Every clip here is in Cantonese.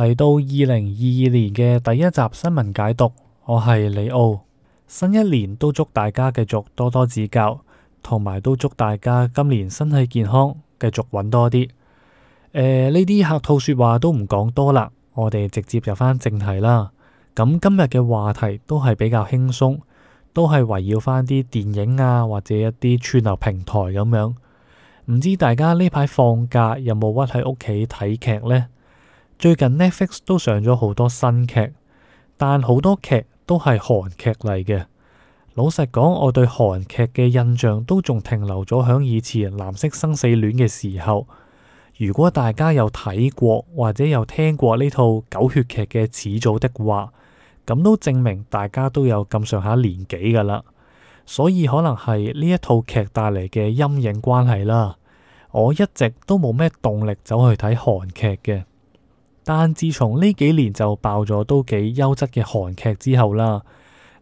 嚟到二零二二年嘅第一集新聞解讀，我係李奧。新一年都祝大家繼續多多指教，同埋都祝大家今年身體健康，繼續揾多啲。呃，呢啲客套說話都唔講多啦，我哋直接入翻正題啦。咁今日嘅話題都係比較輕鬆，都係圍繞翻啲電影啊，或者一啲串流平台咁樣。唔知大家呢排放假有冇屈喺屋企睇劇呢？最近 Netflix 都上咗好多新劇，但好多劇都係韓劇嚟嘅。老實講，我對韓劇嘅印象都仲停留咗喺以前《藍色生死戀》嘅時候。如果大家有睇過或者有聽過呢套狗血劇嘅始祖的話，咁都證明大家都有咁上下年紀噶啦。所以可能係呢一套劇帶嚟嘅陰影關係啦。我一直都冇咩動力走去睇韓劇嘅。但自從呢幾年就爆咗都幾優質嘅韓劇之後啦，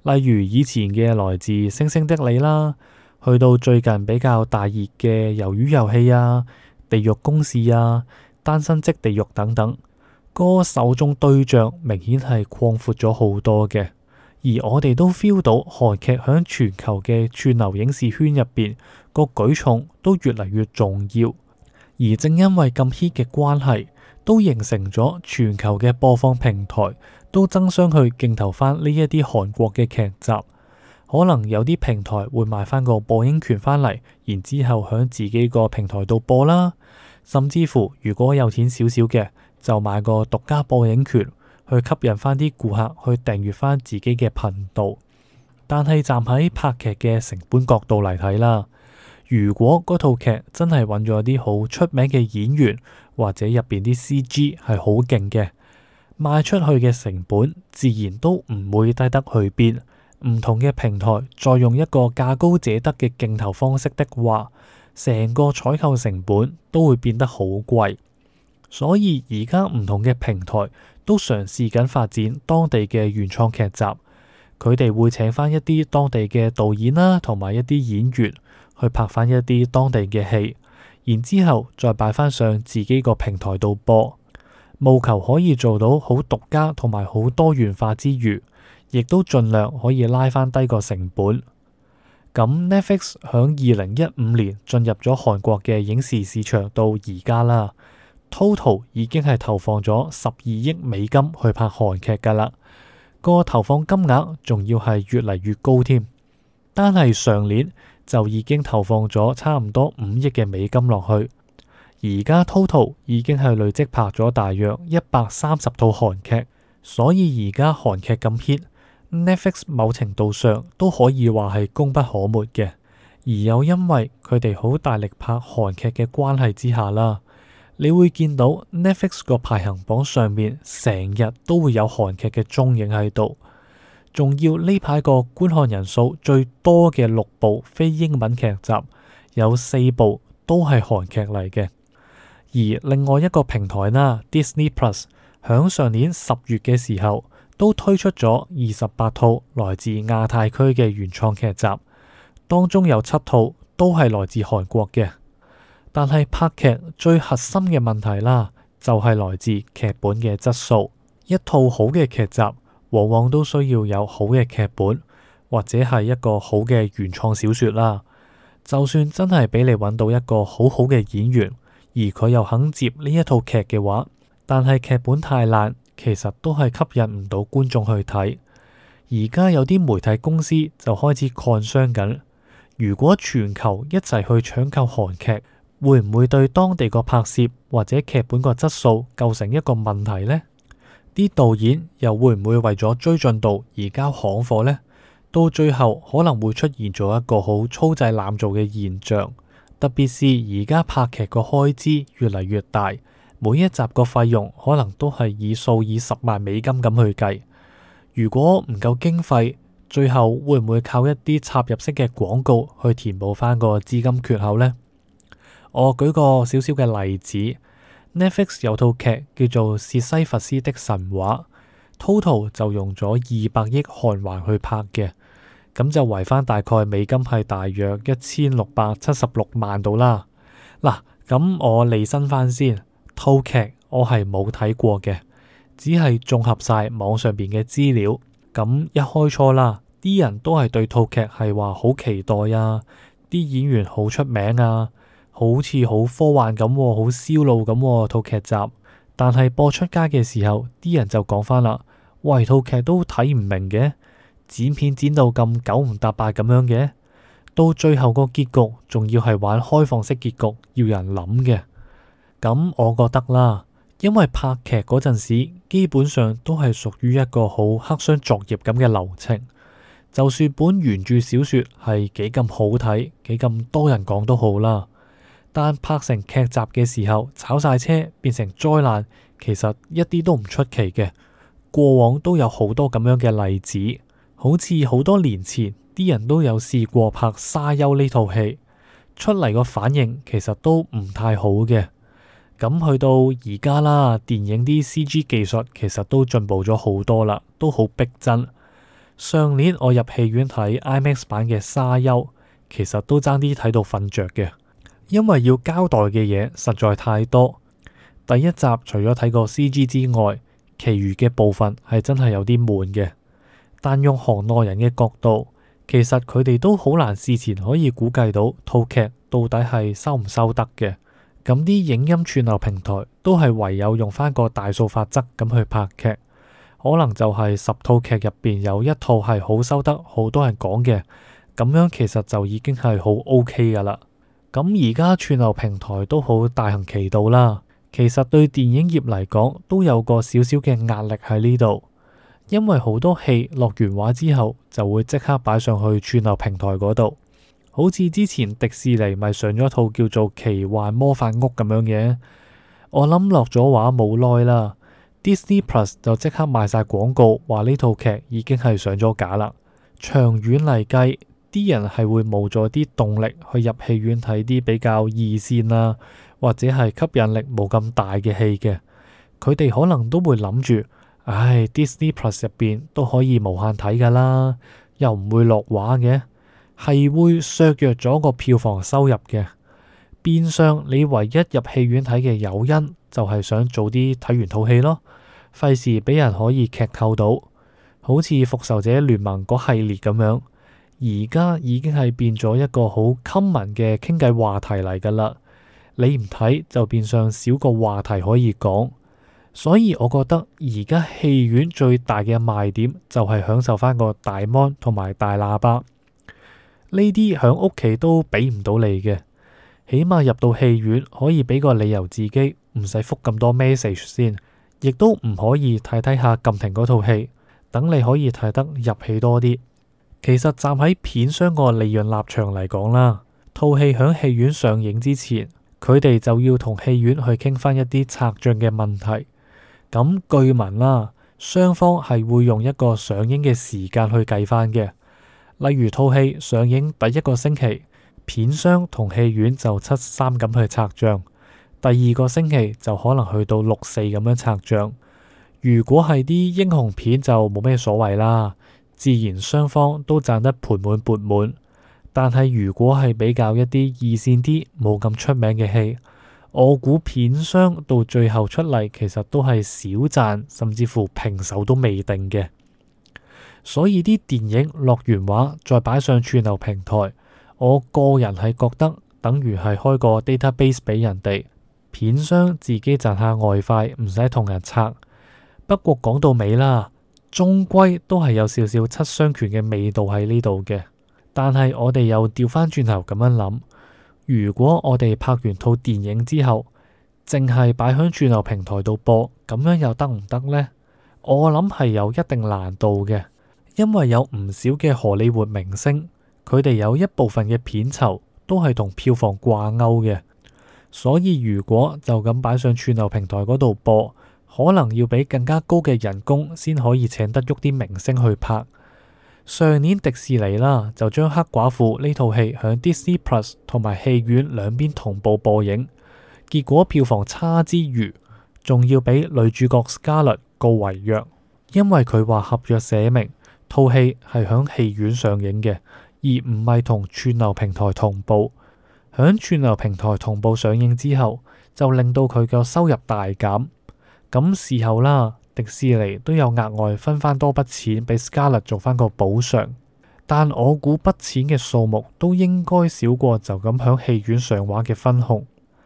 例如以前嘅來自星星的你啦，去到最近比較大熱嘅魷魚遊戲啊、地獄公使啊、單身即地獄等等，歌手中對象明顯係擴闊咗好多嘅，而我哋都 feel 到韓劇響全球嘅串流影視圈入邊個舉重都越嚟越重要，而正因為咁 hit 嘅關係。都形成咗全球嘅播放平台都爭相去競投翻呢一啲韓國嘅劇集，可能有啲平台會買翻個播映權翻嚟，然之後響自己個平台度播啦。甚至乎，如果有錢少少嘅，就買個獨家播映權去吸引翻啲顧客去訂閱翻自己嘅頻道。但係站喺拍劇嘅成本角度嚟睇啦，如果嗰套劇真係揾咗啲好出名嘅演員。或者入面啲 CG 係好勁嘅，賣出去嘅成本自然都唔會低得去邊。唔同嘅平台再用一個價高者得嘅競投方式的話，成個採購成本都會變得好貴。所以而家唔同嘅平台都嘗試緊發展當地嘅原創劇集，佢哋會請翻一啲當地嘅導演啦，同埋一啲演員去拍翻一啲當地嘅戲。然之後再擺翻上自己個平台度播，務求可以做到好獨家同埋好多元化之餘，亦都盡量可以拉翻低個成本。咁 Netflix 響二零一五年進入咗韓國嘅影視市場到而家啦，Total 已經係投放咗十二億美金去拍韓劇㗎啦，個投放金額仲要係越嚟越高添。但係上年，就已經投放咗差唔多五億嘅美金落去，而家 total 已經係累積拍咗大約一百三十套韓劇，所以而家韓劇咁 hit，Netflix 某程度上都可以話係功不可沒嘅，而又因為佢哋好大力拍韓劇嘅關係之下啦，你會見到 Netflix 個排行榜上面成日都會有韓劇嘅蹤影喺度。仲要呢排個觀看人數最多嘅六部非英文劇集，有四部都係韓劇嚟嘅。而另外一個平台啦，Disney Plus，響上年十月嘅時候，都推出咗二十八套來自亞太區嘅原創劇集，當中有七套都係來自韓國嘅。但係拍劇最核心嘅問題啦，就係來自劇本嘅質素，一套好嘅劇集，往往都需要有好嘅劇本，或者係一個好嘅原創小說啦。就算真係俾你搵到一個好好嘅演員，而佢又肯接呢一套劇嘅話，但係劇本太爛，其實都係吸引唔到觀眾去睇。而家有啲媒體公司就開始 concern 緊，如果全球一齊去搶購韓劇，會唔會對當地個拍攝或者劇本個質素構成一個問題呢？啲導演又會唔會為咗追進度而交行貨呢？到最後可能會出現咗一個好粗製濫造嘅現象，特別是而家拍劇個開支越嚟越大，每一集個費用可能都係以數以十萬美金咁去計。如果唔夠經費，最後會唔會靠一啲插入式嘅廣告去填補翻個資金缺口呢？我舉個少少嘅例子。Netflix 有套劇叫做《薛西弗斯的神話》，Total 就用咗二百億韓元去拍嘅，咁就圍翻大概美金係大約一千六百七十六萬度啦。嗱、啊，咁我利申翻先，套劇我係冇睇過嘅，只係綜合晒網上邊嘅資料。咁一開初啦，啲人都係對套劇係話好期待啊，啲演員好出名啊。好似好科幻咁，好燒腦咁套劇集。但係播出街嘅時候，啲人就講返啦：喂，套劇都睇唔明嘅，剪片剪到咁九唔搭八咁樣嘅，到最後個結局仲要係玩開放式結局，要人諗嘅。咁、嗯、我覺得啦，因為拍劇嗰陣時，基本上都係屬於一個好黑箱作業咁嘅流程。就算本原著小說係幾咁好睇，幾咁多人講都好啦。但拍成劇集嘅時候，炒晒車變成災難，其實一啲都唔出奇嘅。過往都有好多咁樣嘅例子，好似好多年前啲人都有試過拍《沙丘》呢套戲，出嚟個反應其實都唔太好嘅。咁去到而家啦，電影啲 CG 技術其實都進步咗好多啦，都好逼真。上年我入戲院睇 IMAX 版嘅《沙丘》，其實都差啲睇到瞓着嘅。因為要交代嘅嘢實在太多，第一集除咗睇過 CG 之外，其餘嘅部分係真係有啲悶嘅。但用行內人嘅角度，其實佢哋都好難事前可以估計到套劇到底係收唔收得嘅。咁啲影音串流平台都係唯有用翻個大數法則咁去拍劇，可能就係十套劇入邊有一套係好收得好多人講嘅，咁樣其實就已經係好 OK 㗎喇。咁而家串流平台都好大行其道啦，其實對電影業嚟講都有個少少嘅壓力喺呢度，因為好多戲落完畫之後就會即刻擺上去串流平台嗰度，好似之前迪士尼咪上咗套叫做《奇幻魔法屋》咁樣嘅，我諗落咗畫冇耐啦，Disney Plus 就即刻賣晒廣告，話呢套劇已經係上咗架啦，長遠嚟計。啲人係會冇咗啲動力去入戲院睇啲比較二線啊，或者係吸引力冇咁大嘅戲嘅。佢哋可能都會諗住，唉，Disney Plus 入邊都可以無限睇㗎啦，又唔會落畫嘅，係會削弱咗個票房收入嘅。變相你唯一入戲院睇嘅誘因就係想早啲睇完套戲咯，費事俾人可以劇透到，好似《復仇者聯盟》嗰系列咁樣。而家已經係變咗一個好 common 嘅傾偈話題嚟噶啦，你唔睇就變相少個話題可以講，所以我覺得而家戲院最大嘅賣點就係享受返個大芒同埋大喇叭，呢啲響屋企都俾唔到你嘅，起碼入到戲院可以俾個理由自己唔使覆咁多 message 先，亦都唔可以睇睇下撳停嗰套戲，等你可以睇得入戲多啲。其實站喺片商個利潤立場嚟講啦，套戲響戲院上映之前，佢哋就要同戲院去傾翻一啲拆賬嘅問題。咁據聞啦，雙方係會用一個上映嘅時間去計翻嘅。例如套戲上映第一個星期，片商同戲院就七三咁去拆賬；第二個星期就可能去到六四咁樣拆賬。如果係啲英雄片就冇咩所謂啦。自然雙方都賺得盆滿鉢滿，但係如果係比較一啲二線啲冇咁出名嘅戲，我估片商到最後出嚟其實都係少賺，甚至乎平手都未定嘅。所以啲電影落完畫再擺上串流平台，我個人係覺得等於係開個 Database 俾人哋，片商自己賺下外快，唔使同人拆。不過講到尾啦。終歸都係有少少七傷拳嘅味道喺呢度嘅，但係我哋又調翻轉頭咁樣諗，如果我哋拍完套電影之後，淨係擺響串流平台度播，咁樣又得唔得呢？我諗係有一定難度嘅，因為有唔少嘅荷里活明星，佢哋有一部分嘅片酬都係同票房掛鈎嘅，所以如果就咁擺上串流平台嗰度播。可能要俾更加高嘅人工先可以請得喐啲明星去拍。上年迪士尼啦，就將《黑寡婦》呢套戲響 Disney Plus 同埋戲院兩邊同步播映。結果票房差之餘，仲要俾女主角 Scarlett 告違約，因為佢話合約寫明套戲係響戲院上映嘅，而唔係同串流平台同步。響串流平台同步上映之後，就令到佢嘅收入大減。咁事後啦，迪士尼都有額外分返多筆錢俾 Scarlett 做返個補償，但我估筆錢嘅數目都應該少過就咁響戲院上畫嘅分紅，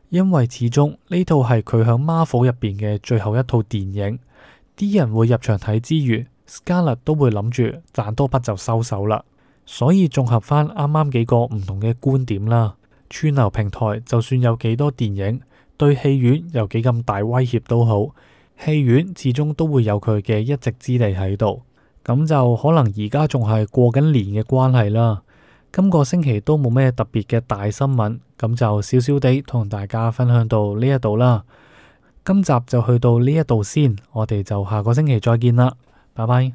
因為始終呢套係佢響 Marvel 入邊嘅最後一套電影，啲人會入場睇之餘，Scarlett 都會諗住賺多筆就收手啦，所以綜合返啱啱幾個唔同嘅觀點啦，串流平台就算有幾多電影。對戲院有幾咁大威脅都好，戲院始終都會有佢嘅一席之地喺度，咁就可能而家仲係過緊年嘅關係啦。今個星期都冇咩特別嘅大新聞，咁就少少地同大家分享到呢一度啦。今集就去到呢一度先，我哋就下個星期再見啦，拜拜。